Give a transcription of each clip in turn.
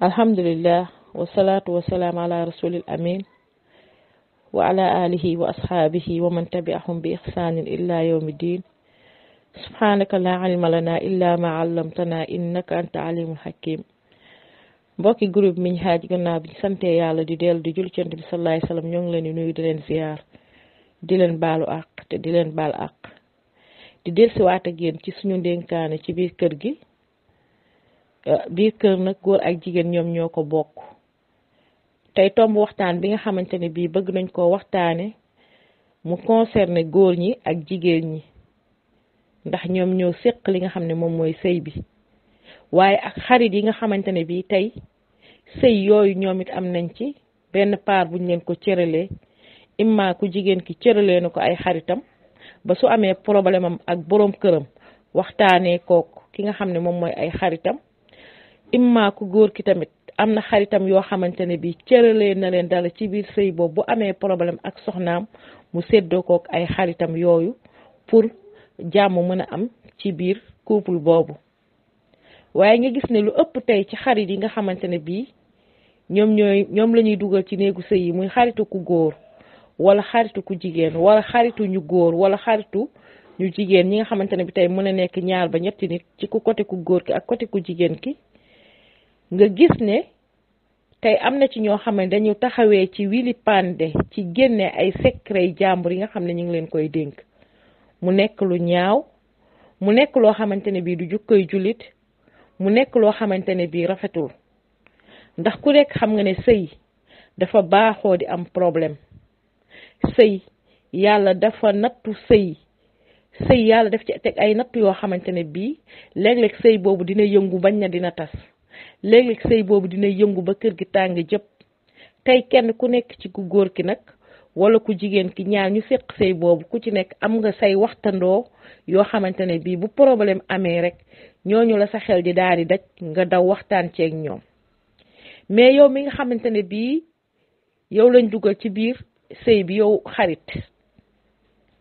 alhamdulillah wasalaatu wasalaam ala rasulil amin wa ala alihi wa ashaabihi wa man tabi'ahum bi ihsanin ila yawmi din subhanaka la ilma lana illa ma allamtana innaka anta alimul hakim mbokki groupe Minhaj gannaaw bi ñu sante yàlla di dellu di jul cant bi sallallahu alayhi wasallam ñoo ngi leen di nuyu di leen ziyaar di leen baalu àq te di leen baal àq di dellusiwaat ak yéen ci suñu ndénkaane ci biir kër gi biir kër nag góor ak jigéen ñoom ñoo ko bokk tey tomb waxtaan bi nga xamante ne bii bëgg nañ koo waxtaane mu concerné góor ñi ak jigéen ñi ndax ñoom ñoo séq li nga xam ne moom mooy sëy bi waaye ak xarit yi nga xamante ne bii tey sëy yooyu ñoom it am nañ ci benn paar buñ leen ko cëralee imma ku jigéen ki cëralee na ko ay xaritam ba su amee problème am ak boroom këram waxtaanee kook ki nga xam ne moom mooy ay xaritam imma ku góor ki tamit am na xaritam yoo xamante ne bi leen na leen dala ci biir sëy boobu bu amee problème ak soxnaam mu séddoo kook ay xaritam yooyu pour jàmm mën a am ci biir couple boobu waaye nga gis ne lu ëpp tey ci xarit yi nga xamante ne bii ñoom ñooy ñoom lañuy dugal ci néegu sëy yi muy xaritu ku góor walla xaritu ku jigéen wala xaritu ñu góor wala xaritu ñu jigéen ñi nga xamante ne bi tey mën a nekk ñaar ba ñetti nit ci ku côté ku góor ki ak côté ku jigéen ki nga gis ne tey am na ci ñoo xam ne dañu taxawee ci wili pande ci génne ay secret jàmbur yi nga xam ne ñu ngi leen koy dénk mu nekk lu ñaaw mu nekk loo xamante ne bii du jukkoy jullit mu nekk loo xamante ne bii rafetul ndax ku nekk xam nga ne sëy dafa baaxoo di am problème sëy yàlla dafa nattu sëy sëy yàlla def ci teg ay nattu yoo xamante ne bii léeg-léeg sëy boobu dina yëngu bañ na dina tas léegi léeg sëy boobu dina yëngu ba kër gi tàng jëpp tey kenn ku nekk ci ku góor ki nag walla ku jigéen ki ñaar ñu séq sëy boobu ku ci nekk am nga say waxtandoo yoo xamante ne bii bu problème amee rek ñooñu la sa xel di daal di daj nga daw waxtaan ceeg ñoom mais yow mi nga xamante ne bii yow lañ dugal ci biir sëy bi yow xarit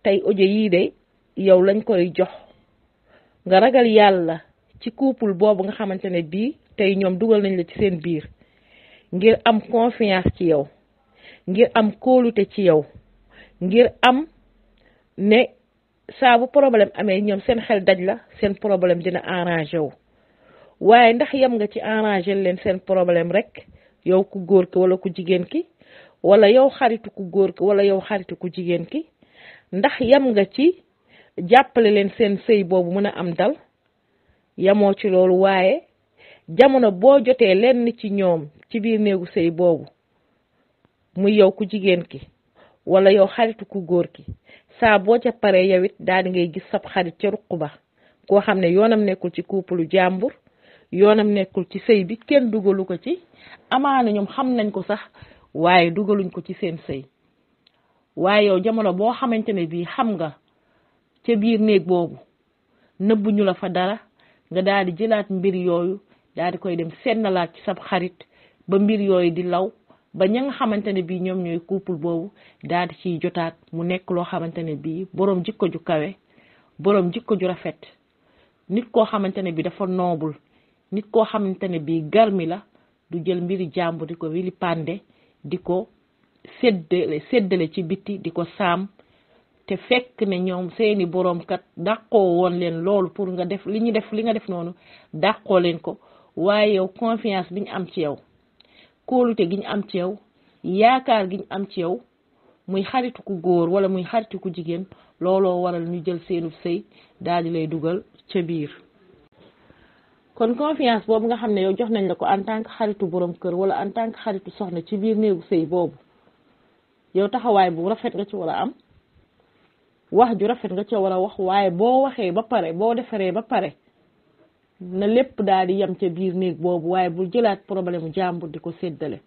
tey ojo yii de yow lañ koy jox nga ragal yàlla ci couple boobu nga xamante ne bii tey ñoom dugal nañ la ci seen biir ngir am confiance ci yow ngir am kóolute ci yow ngir am ne saa bu problème amee ñoom seen xel daj la seen problème dina arrangé wu waaye ndax yem nga ci arrangé leen seen problème rek yow ku góor ki wala ku jigéen ki wala yow xaritu ku góor ki wala yow xaritu ku jigéen ki ndax yem nga ci jàppale leen seen sëy boobu mën a am dal yemoo ci loolu waaye jamono boo jotee lenn ci ñoom ci biir néegu sëy boobu muy yow ku jigéen ki wala yow xaritu ku góor ki saa boo ca paree yow it daal di ngay gis sab xarit ca ruq ba koo xam ne yoonam nekkul ci couple jàmbur yoonam nekkul ci sëy bi kenn dugalu ko ci amaana ñoom xam nañ ko sax waaye dugaluñ ko ci seen sëy waaye yow jamono boo xamante ne bii xam nga ca biir néeg boobu nëbbuñu la fa dara nga daal di jëlaat mbir yooyu daal di koy dem laat ci sab xarit ba mbir yooyu di law ba ña nga xamante ne bii ñoom ñooy couple boobu daal di ciy jotaat mu nekk loo xamante ne bii boroom jikko ju kawe boroom jikko ju rafet nit koo xamante ne bii dafa noobul nit koo xamante ne bii garmi la du jël mbiri jàmbur di ko wili pande di ko séddale séddale ci biti di ko saam te fekk ne ñoom seeni boroom kat dàqoo woon leen loolu pour nga def li ñu def li nga def noonu dàqoo leen ko waaye yow confiance bi ñu am ci yow kóolute gi am ci yaakaar gi am ci yow muy xaritu ku góor wala muy xaritu ku jigéen looloo waral ñu jël seenu sëy daal di lay dugal ca biir. kon confiance boobu nga xam ne yow jox nañ la ko en tant que xaritu borom kër wala en tant que xaritu soxna ci biir néegu sëy boobu yow taxawaay bu rafet nga ci war am wax ju rafet nga ci war wax waaye boo waxee ba pare boo defaree ba pare. na lépp daal di yem ca biir néeg boobu waaye bul jëlaat problème jàmbur di ko séddale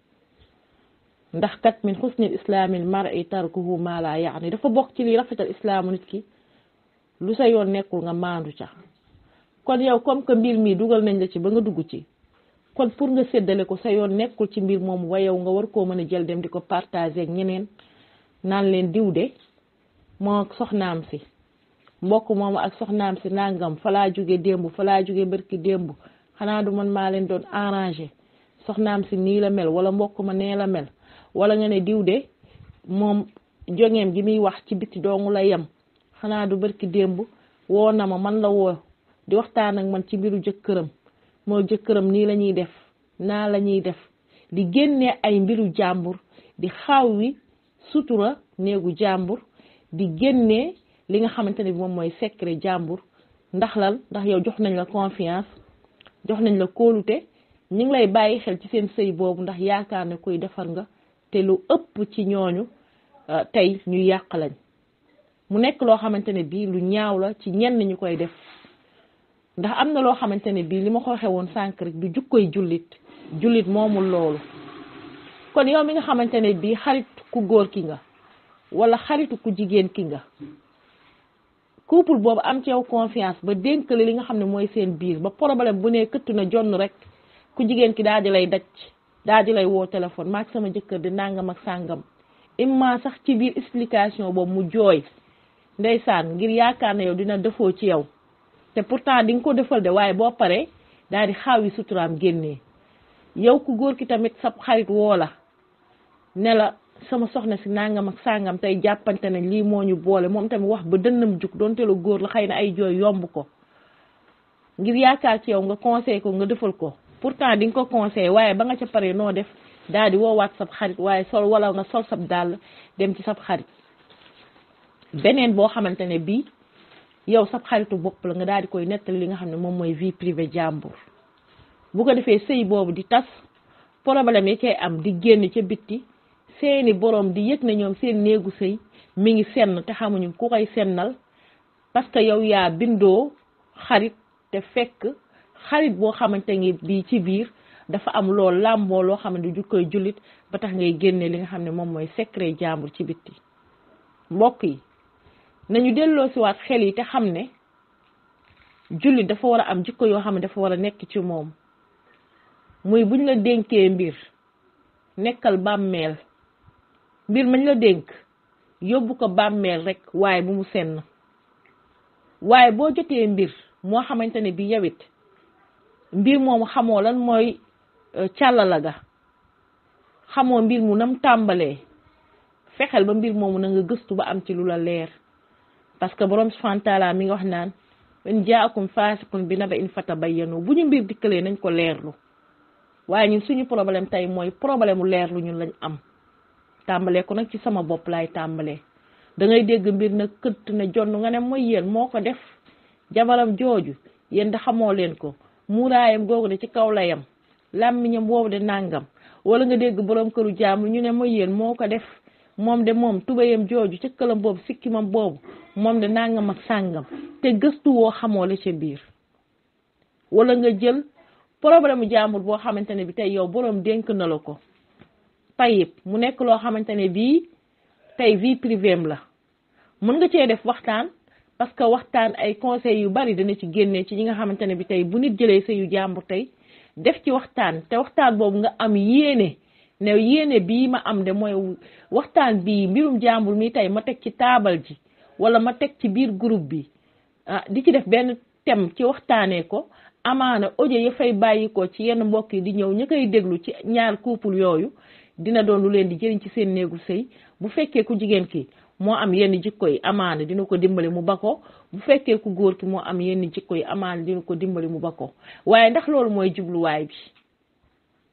ndax kat min xusnil islaamil mar'i tarkuhu maa laa yaani dafa bokk ci lii rafetal islaamu nit ki lu sa yoon nekkul nga maandu ca kon yow comme que mbir mii dugal nañ la ci ba nga dugg ci kon pour nga séddale ko sa yoon nekkul ci mbir moomu wa yow nga war koo mën a jël dem di ko partager ak ñeneen naan leen diw de moo soxnaam si mbokk moomu ak soxnaam si nangam falaa jóge démb falaa jóge barki démb xanaa du man maa leen doon arrangé soxnaam si nii la mel wala mbokk ma nee la mel wala nga ne diw de moom jongeem gi muy wax ci biti doongu la yem xanaa du bërki démb woo na ma man la woo di waxtaan ak man ci mbiru jëkkëram moo jëkkëram nii la ñuy def naa la ñuy def di génne ay mbiru jàmbur di xaw wi sutura néegu jàmbur di génnee li nga xamante ne bi moom mooy secret jàmbur ndax lan ndax yow jox nañ la confiance jox nañ la kóolute ñu ngi lay bàyyi xel ci seen sëy boobu ndax yaakaar ne kuy defar nga te lu ëpp ci ñooñu euh, tey ñu yàq lañ mu nekk loo xamante ne bii lu ñaaw la ci ñenn ñu koy def ndax am na loo xamante ne bii li ma ko waxee woon sànq rek du jukkoy jullit jullit moomul loolu kon yow mi nga xamante ne bii xarit ku góor ki nga wala xaritu ku jigéen ki nga couple boobu am ci yow confiance ba dénkale li nga xam ne mooy seen biir ba problème bu ne këttu na jonn rek ku jigéen ki daal di lay daj daal di lay woo téléphone maak sama jëkkër di nangam ak sàngam imma sax ci biir explication boobu mu jooy ndeysaan ngir yaakaar na yow dina defoo ci yow te pourtant di nga ko defal de waaye boo paree daal di xaaw yi suturaam génnee yow ku góor ki tamit sab xarit woo la ne la sama soxna si nangam ak sàngam tey jàppante ne lii moo ñu boole moom tamit wax ba dënnam jug doonte la góor la xay na ay jooy yomb ko ngir yaakaar ci yow nga conseil ko nga defal ko pourtant di nga ko conseil waaye ba nga ca pare noo def daal di woowaat sab xarit waaye sol wala nga sol sab dàll dem ci sab xarit beneen boo xamante ne bii yow sab xaritu bopp la nga daal di koy nettali li nga xam ne moom mooy vie privée jàmbur bu ko defee sëy boobu di tas problème yi koy am di génn ca bitti seeni borom di yëg ne ñoom seen néegu sëy mi ngi senn te xamuñu ku koy sennal parce que yow yaa bindoo xarit te fekk xarit boo xamante ngi bii ci biir dafa am loolu làmboo loo xam ne du koy ba tax ngay génne li nga xam ne moom mooy secret jàmbur ci bitti mbokk yi nañu delloosiwaat xel yi te xam ne jullit dafa war a am jikko yoo xam ne dafa war a nekk ci moom muy buñ la dénkee mbir nekkal bàmmeel mbir mañ la dénk yóbbu ko bàmmeel rek waaye bu mu senn waaye boo jotee mbir moo xamante ne bi yawit mbir moomu xamoo lan mooy euh, càllala ga xamoo mbir mu nam tàmbalee fexeel ba mbir moomu na gëstu ba am ci lu la leer parce que borom subhana taala mi nga wax naan in jaakum faasiqun bi naba in fatabayyanu bu ñu mbir dikkalee nañ ko leerlu waaye ñun suñu problème tey mooy problème mu leerlu ñu lañ am tàmbalee ko nag ci sama bopp laay tàmbalee dangay dégg mbir nag këtt na jonn nga ne mooy yéen moo ko def jabaram jooju yéen da xamoo leen ko muuraayam googu de ci kaw la yam làmmiñam boobu de nàngam wala nga dégg borom këru jaamu ñu ne mooy yéen moo ko def moom de moom tubayam jooju ci këlam boobu sikkimam boobu moom de nangam ak sàngam te gëstu woo xamoo la ca biir wala nga jël problème jaamur boo xamante ne bi tey yow boroom dénk na la ko tayyib mu nekk loo xamante ne bii tey vie privée la mën nga cee def waxtaan parce que waxtaan ay conseils yu bari dana ci génne ci ñi nga xamante ne bi tey bu nit jëlee sëyu jàmbur tey def ci waxtaan te waxtaan boobu nga am yéene ne yéene bii ma am de mooy waxtaan bii mbirum jàmbur mi tey ma teg ci taabal ji wala ma teg ci biir groupe bi ah, di ci def benn tem ci waxtaanee ko amaana audio ya fay bàyyi ko ci yenn mbokk yi di ñëw ñu koy déglu ci ñaar couple yooyu dina doon lu leen di jëriñ ci seen néegu sëy bu fekkee ku jigéen ki moo am yenn jikko yi amaana dina ko dimbali mu ba ko bu fekkee ku góor ki moo am yenn jikko yi amaana dina ko dimbali mu ba ko waaye ndax loolu mooy jubluwaay bi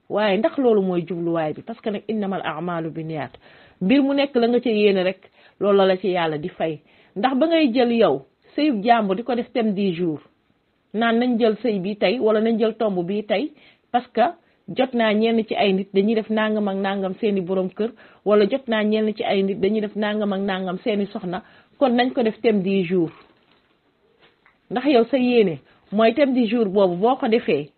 waaye ndax loolu mooy jubluwaay bi parce que nag innamal amalu bi niyaat mbir mu nekk la nga ca yéene rek loolu la la ci yàlla di fay ndax ba ngay jël yow sëyub jàmbur di ko def thème du jour naan nañ jël sëy bi tey wala nañ jël tomb bi tey parce que jot naa ñenn ci ay nit dañuy def nangam ak nangam seeni borom kër wala jot naa ñenn ci ay nit dañuy def nangam ak nangam seeni soxna kon nañ ko def thème du jour ndax yow sa yéene mooy thème du jour boobu boo ko defee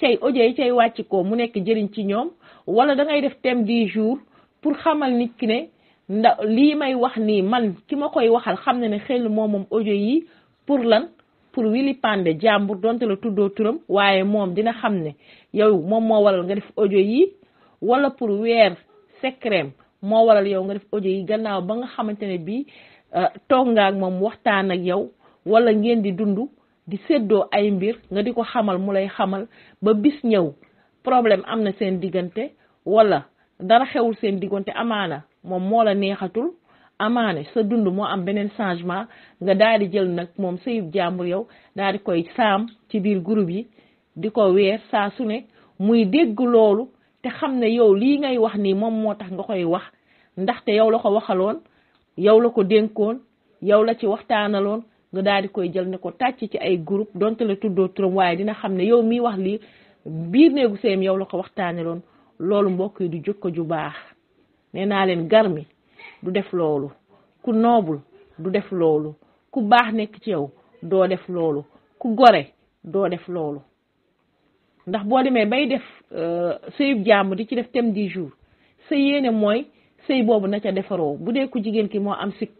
cay audio yi cay wàcc ko mu nekk jëriñ ci ñoom wala da ngay def thème du jour pour xamal nit ki ne nda lii may wax nii man ki ma koy waxal xam na ne xel moo moom audio yi pour lan pour wilipande jàmbur donte la tuddoo turam waaye moom dina xam ne yow moom moo waral nga def audio yi wala pour weer secret moo waral yow nga def audio yi gannaaw ba nga xamante ne bii euh, toog nga ak moom waxtaan ak yow wala ngeen di dundu di séddoo ay mbir nga di ko xamal mu lay xamal ba bis ñëw problème am na seen diggante walla dara xewul seen diggante amaana moom moo la neexatul. amaane sa dund moo am beneen changement nga daal di jël nag moom sëyub jàmbur yow daal di koy saam ci biir groupe yi di ko weer saa su ne muy dégg loolu te xam ne yow lii ngay wax nii moom moo tax nga koy wax ndaxte yow la ko waxaloon yow la ko dénkoon yow la ci waxtaanaloon nga daal di koy jël ne ko tàcc ci ay groupe donte la tuddoo turam waaye dina xam ne yow miy wax lii biir néegu sëyam yow la ko waxtaanaloon loolu mbokk yi du jukko ju baax ne naa leen gar du def loolu ku noobul du def loolu ku baax nekk ci yow doo def loolu ku gore doo def loolu ndax boo demee bay def euh, sëyub jàmm di ci def thème di jour sa yéene mooy sëy boobu na ca defaroo bu dee ku jigéen ki moo am sikk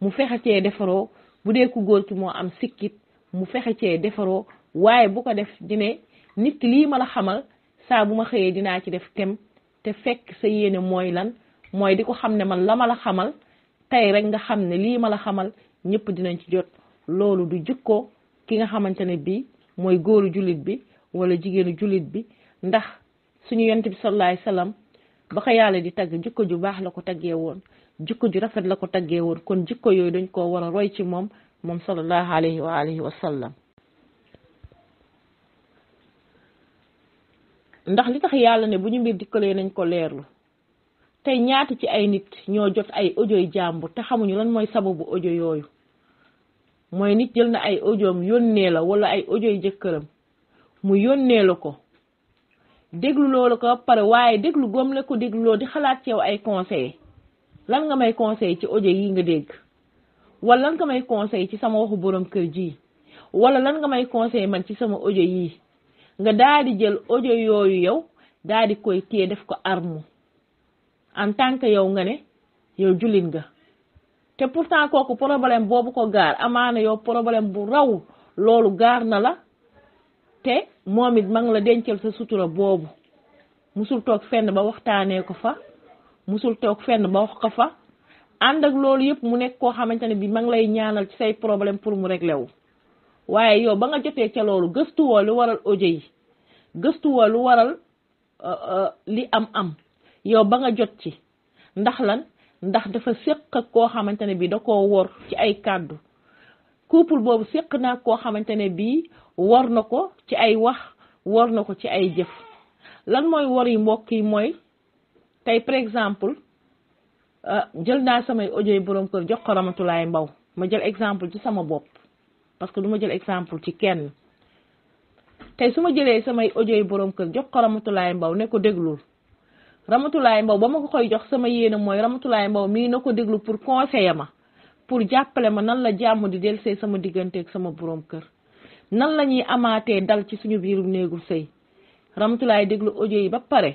mu fexe cee defaroo bu dee ku góor ki moo am sikkit mu fexe cee defaroo waaye bu ko def dine nit lii ma la xamal saa bu ma xëyee dinaa ci def thème te fekk sa yéene mooy lan mooy di ko xam ne man la ma la xamal tey rek nga xam ne lii ma la xamal ñëpp dinañ ci jot loolu du jikko ki nga xamante ne bii mooy góoru jullit bi wala jigéenu jullit bi ndax suñu yonent bi sallallahu alayhi wasallam ba ko yàlla di tagg jikko ju baax la ko taggee woon jikko ju rafet la ko taggee woon kon jikko yooyu dañ koo war a roy ci moom moom sallallahu alayhi wa alihi wa sallam ndax li tax yàlla ne bu ñu mbir dikkalee nañ ko leerlu tey ñaata ci ay nit ñoo jot ay audio yu jàmbur te xamuñu lan mooy sababu ojo yooyu mooy nit jël na ay audio am yónnee la wala ay audio yu jëkkëram mu yónnee la ko déglu loo la ko pare waaye déglu goom la ko dégluloo di xalaat ci ay conseil lan nga may conseil ci audio yi nga dégg wala lan nga may conseil ci sama waxu borom kër ji wala lan nga may conseil man ci sama audio yii nga daal di jël yooyu yow daal di koy téye def ko arme en tant que yow nga ne yow jullit ga te pourtant kooku problème boobu ko gaar amaana yow problème bu raw loolu gaar na la te moom it ma ngi la dencal sa sutura boobu musul toog fenn ba waxtaanee ko fa musul toog fenn ba wax ko fa ànd ak loolu yëpp mu nekk koo xamante ne bi ma lay ñaanal ci say problème pour mu rek wu waaye yow ba nga jotee ca loolu gëstuwoo lu waral audio yi gëstuwoo lu waral euh, euh, li am am yow ba nga jot ci ndax lan ndax dafa séq ak koo xamante ne bii da koo wor ci ay kàddu couple boobu séq naa koo xamante ne bii wor na ko ci ay wax wor na ko ci ay jëf lan mooy wor yi mbokk yi mooy tey par exemple euh, jël naa samay audio borom kër jox ko Ramatulaay Mbaw ma jël exemple ci sama bopp parce que du ma jël ci kenn tey su ma jëlee samay audio yi kër jox ko Ramatulaay Mbaw ne ko déglul Ramatulaay Mbow ba ma ko koy jox sama yéene mooy Ramatulaay Mbow mii na ko déglu pour conseiller ma pour jàppale ma nan la jàmm di dellusee sama digganteeg sama borom kër nan la ñuy amaatee dal ci suñu biiru néegul sëy Ramatulaay déglu ojo yi ba pare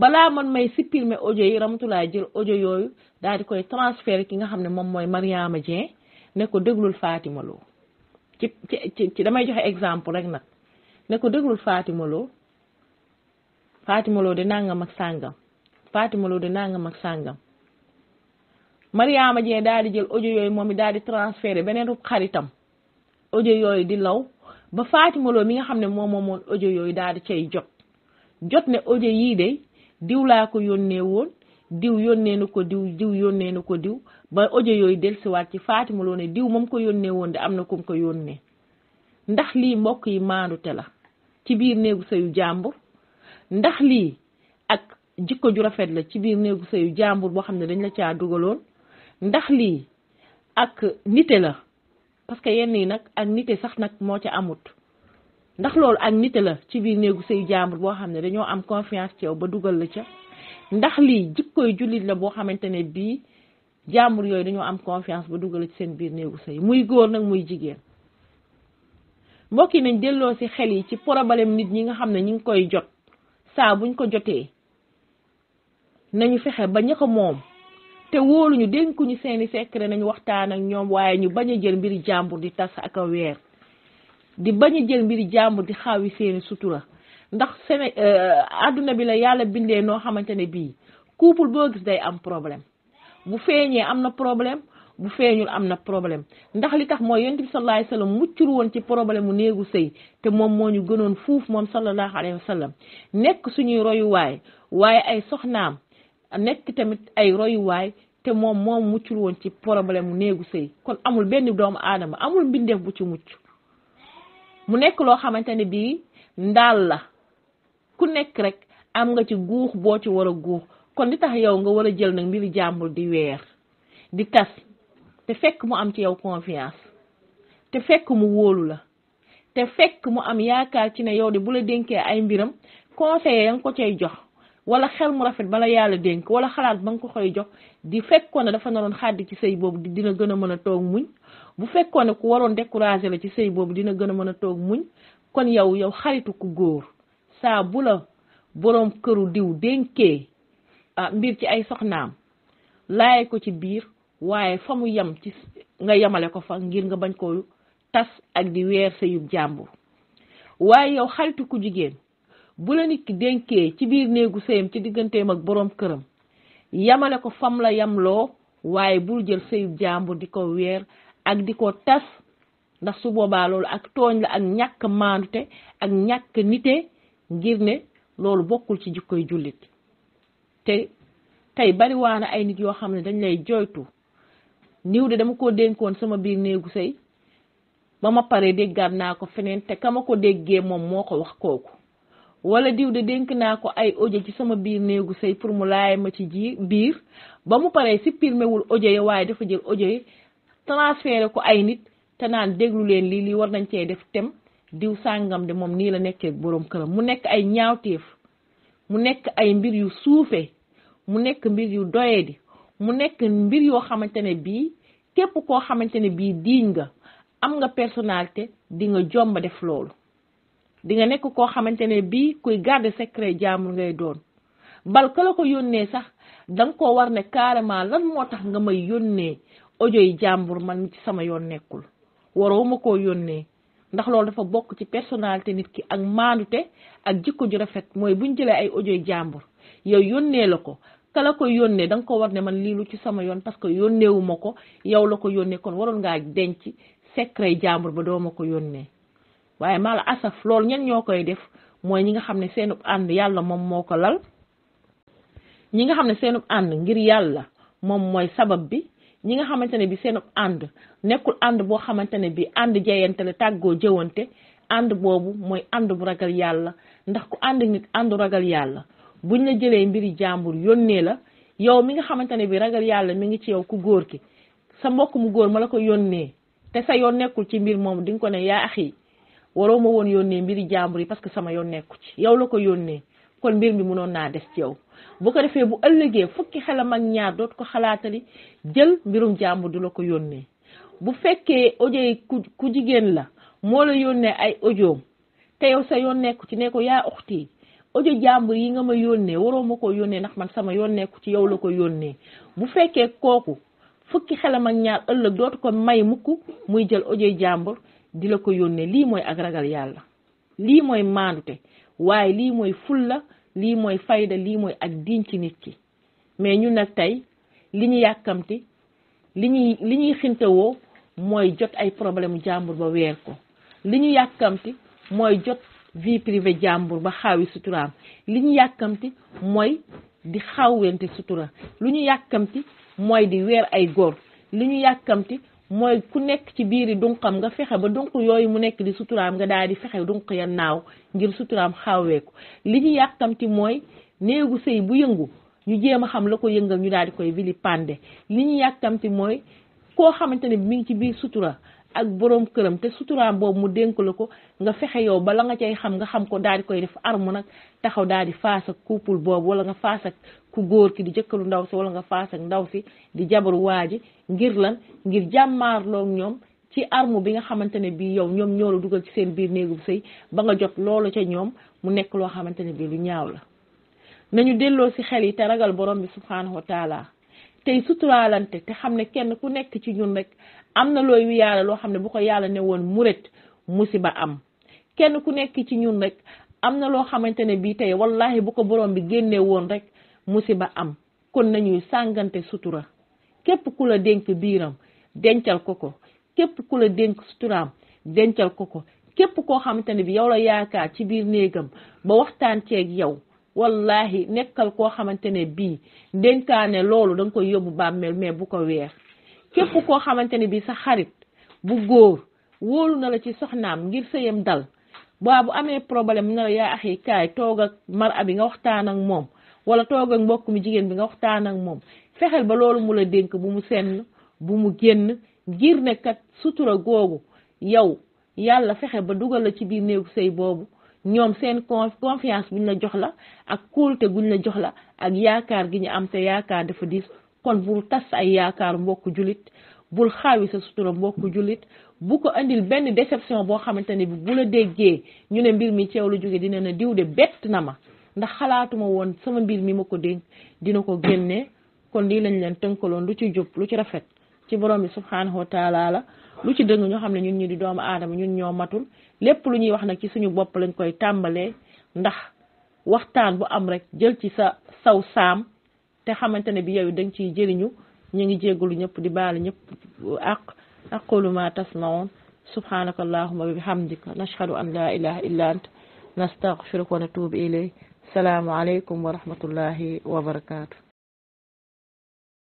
balaa man may supprimer ojo yi Ramatulaay jël ojo yooyu daal di koy transférer ki nga xam ne moom mooy Mariama Dieng ne ko déglul Fatima Lo ci damay joxe exemple rek nag ne ko déglul Fatima Fatima Lo di nangam ak sàngam Fatima Lo di nangam ak sàngam Mariama Dieng daal di jël audio yooyu moom it daal di transféré beneen rub xaritam ojo yooyu di law ba Fatima Lo mi nga xam ne moom moomoon audio yooyu daal di cay jot jot ne audio yii de diw laa ko yónnee woon diw yónnee na ko diw diw yónnee na ko diw ba audio yooyu dellusiwaat ci Fatima Lo ne diw moom ko yónnee woon de am na kum ko yónnee ndax lii mbokk yi maandu te la ci biir néegu sayu jàmbur ndax lii ak jikko ju rafet la ci biir néegu sëyu jàmbur boo xam ne dañ la caa dugaloon ndax lii ak nite la parce que yenn yi nag ak nite sax nag moo ci amut ndax loolu ak nite la ci biir néegu sëyu jàmbur boo xam ne dañoo am confiance ba dugal la ca ndax lii jikkoy jullit la boo xamante ne bii jàmbur yooyu dañoo am confiance ba dugal ci seen biir néegu sëy muy góor nag muy jigéen mbokk yi nañ delloo si xel yi ci problème nit ñi nga xam ne ñi ngi koy jot saa ñu ko jotee nañu fexe ba ña moom te wóoluñu dénkuñu seeni secret nañu waxtaan ak ñoom waaye ñu bañ a jël mbiri jàmbur di tas ak a weer di bañ a jël mbiri jàmbur di xaawi seeni sutura ndax Séné euh, àdduna bi la yàlla bindee noo xamante ne bii couple boo gis day am problème bu feeñee am na problème bu feeñul am na problème ndax li tax mooy yonent bi sallallahu alayhi muccul woon ci problème mu néegu sëy te moom moo ñu gënoon fuuf moom sallallahu alayhi wa nekk suñuy royuwaay waaye ay soxnaam nekk tamit ay royuwaay te moom moom muccul woon ci problème mu néegu sëy kon amul benn doomu aadama amul mbindeef bu ci mucc mu nekk loo xamante ne bii ndaal la ku nekk rek am nga ci guux boo ci war a guux kon li tax yow nga war a jël nag mbiri jàmbul di weer di tas te fekk mu am ci yow confiance te fekk mu wóolu la te fekk mu am yaakaar ci ne yow de bu la dénkee ay mbiram conseiller ya nga ko cay jox wala xel mu rafet bala yàlla dénk wala xalaat ba nga ko koy jox di fekkoon ne dafa naroon xàddi ci sëy boobu dina gën a mën a toog muñ bu fekkoon ne ku waroon découragé la ci sëy boobu dina gën a mën a toog muñ kon yow yow xaritu ku góor saa bu la boroom këru diw dénkee ah mbir ci ay soxnaam laaye ko ci biir waaye famu mu yem ci nga yemale ko fa ngir nga bañ koo tas ak di weer sëyub jàmbur waaye yow xaritu ku jigéen bu la nit ki dénkee ci biir néegu sëyam ci digganteem ak boroom këram yamale ko fam la yemloo waaye bul jël sëyub jàmbur di ko weer ak di ko tas ndax su boobaa loolu ak tooñ la ak ñàkk maandute ak ñàkk nite ngir ne loolu bokkul ci jikkoy jullit te tey bariwaana ay nit yoo xam ne dañ lay jooytu diw de dama ko dénkoon sama biir néegu sëy ba ma paree déggaat naa ko feneen te ka ma ko déggee moom moo ko wax kooku wala diw de dénk naa ko ay ojo ci sama biir néegu sëy pour mu laay ma ci ji biir ba mu paree supprimé wul ojo yi waaye dafa jël audio yi transféré ko ay nit te naan déglu leen lii lii war nañ cee def tem diw sàngam de moom nii la nekkee boroom këram mu nekk ay ñaawteef mu nekk ay mbir yu suufee mu nekk mbir yu doyee di mu nekk mbir yoo xamante ne bii képp koo xamante ne bii diiñ nga am nga personnalité di nga jomba def loolu di nga nekk koo xamante ne bii kuy garder secret jaamul ngay doon bal la ko yónnee sax da nga koo war ne carrément lan moo tax nga may yónnee audio yi jàmbur man ci sama yoon nekkul waroo ma koo yónnee ndax loolu dafa bokk ci personnalité nit ki ak maandute ak jikko ju rafet mooy bu jëlee ay audio jàmbur yow yónnee la ko la ko yónnee danga ko war ne man lii lu ci sama yoon parce que yónneewu ma ko yow la ko yónnee kon waroon ngaa denc secret jàmbur ba doo ma ko yónnee waaye mala asaf loolu ñen ñoo koy def mooy ñi nga xam ne seenub ànd yàlla moom moo ko lal ñi nga xam ne seenub ànd ngir yàlla moom mooy sabab bi ñi nga xamante ne bi seenub ànd nekkul ànd boo xamante ne bi ànd jeyante la tàggoo jëwante ànd boobu mooy ànd bu ragal yàlla ndax ku ànd nit àndu ragal yàlla buñ la jëlee mbiri jàmbur yónnee la yow mi nga xamante ne bi ragal yàlla mi ngi ci yow ku góor ki sa mbokk mu góor ma la ko yónnee te sa yoon nekkul ci mbir moom di nga ko ne yaa waroo ma woon yónnee mbiri jàmbur yi parce sama yoon nekku ci yow la ko yónnee kon mbir mi mënoon naa des yow bu ko defee bu ëllëgee fukki xelam ak ñaar doot ko xalaatali jël mbirum jàmbur du la ko yónnee bu fekkee audio yi ku jigéen la moo la yónnee ay audioom sa yoon nekku ci ne ko yaa uxti audio jàmbur yi nga ma yónnee waroo ma ko yónnee ndax man sama yónneeku ci yow la ko yónnee bu fekkee kooku fukki xelam ak ñaar ëllëg dootu ko may mukk muy jël audio jàmbur di la ko yónnee lii mooy ak ragal yàlla lii mooy maandute waaye lii mooy la lii mooy fayda lii mooy ak diin ci nit ki mais ñu nag tey li ñu yàkkamti li ñuy li ñuy xintewoo mooy jot ay problème jàmbur ba weer ko li ñu yàkkamti mooy jot vie privée jàmbur ba xawi suturaam li ñu yàkkamti mooy di xawwente sutura lu ñu yàkkamti mooy di weer ay góor li ñu yàkkamti mooy ku nekk ci biir biiri dunqam nga fexe ba dunq yooyu mu nekk di suturaam nga daal di fexe dunq ya naaw ngir suturaam xawee ko li ñu yàkkamti mooy néegu sëy bu yëngu ñu jéem a xam la ko yëngal ñu daal di koy vilipande li ñu yàkkamti mooy koo xamante ne mi ngi ci biir sutura ak boroom këram te suturaam boobu mu dénk la ko nga fexe yow bala nga cay xam nga xam ko daal di koy def arme nag taxaw daal di faas ak couple boobu wala nga faas ak ku góor ki di jëkkalu ndaw si wala nga faas ak ndaw si di jabaru waa ji ngir lan ngir look ñoom ci arme bi nga xamante ne bii yow ñoom ñoo la dugal ci seen biir néegu sëy ba nga jot loolu ca ñoom mu nekk loo xamante ne bii lu ñaaw la ñu delloo si xel yi te ragal borom bi subhaanahu wa taala tey kenn ku nekk ci ñun rek am na looyu yàlla loo xam ne bu ko yàlla ne woon muret musiba am kenn ku nekk ci ñun rek am na loo xamante ne bii tey wallahi bu ko borom bi génnee woon rek musiba am kon nañuy sàngante sutura képp ku la dénk biiram dencal ko ko képp ku la dénk suturaam dencal ko ko képp koo xamante ne bi yow la yaakaar ci biir néegam ba waxtaan ceeg yow wallahi nekkal koo xamante ne bii dénkaane loolu da nga koy yóbbu bàmmeel mais bu ko weex képp koo xamante ne bi sa xarit bu góor wóolu na la ci soxnaam ngir sëyam dal waa bu amee problème na la yaa ax kaay toog ak mar a bi nga waxtaan ak moom wala toog ak mbokk mi jigéen bi nga waxtaan ak moom fexeel ba loolu mu la dénk bu mu senn bu mu génn ngir ne kat sutura googu yow yàlla fexe ba dugal la ci biir néegu sëy boobu ñoom seen confiance buñ la jox la ak kóolute guñ la jox la ak yaakaar gi ñu am te yaakaar dafa diis kon bu tas ay yaakaar mbokku julit bul xaawi sa sutura mbokku jullit bu ko andil benn déception boo xamante ni bi bu la déggee ñu ne mbir mi ceew lu jóge dina ne diw de bett na ma ndax xalaatuma woon sama mbir mi ma ko dénk dina ko génnee kon lii lañ leen tënkaloon lu ci jub lu ci rafet ci borom bi subhaanahu wa taala la lu ci dëng ñoo xam ne ñun ñu di doomu aadama ñun ñoo matul lépp lu ñuy wax nag ci suñu bopp lañ koy tàmbalee ndax waxtaan bu am rek jël ci sa saw saam te xamante ne bi yow da nga ciy ñu ngi jéggalu ñëpp di baalu ñëpp àq aqulu ma tasmaun subhanaka allahuma wa bihamdika nashhadu an la ilaha illa ant nastaghfiruka wa natubu ilayk salaamu alaykum wa rahmatullahi wa barakaatu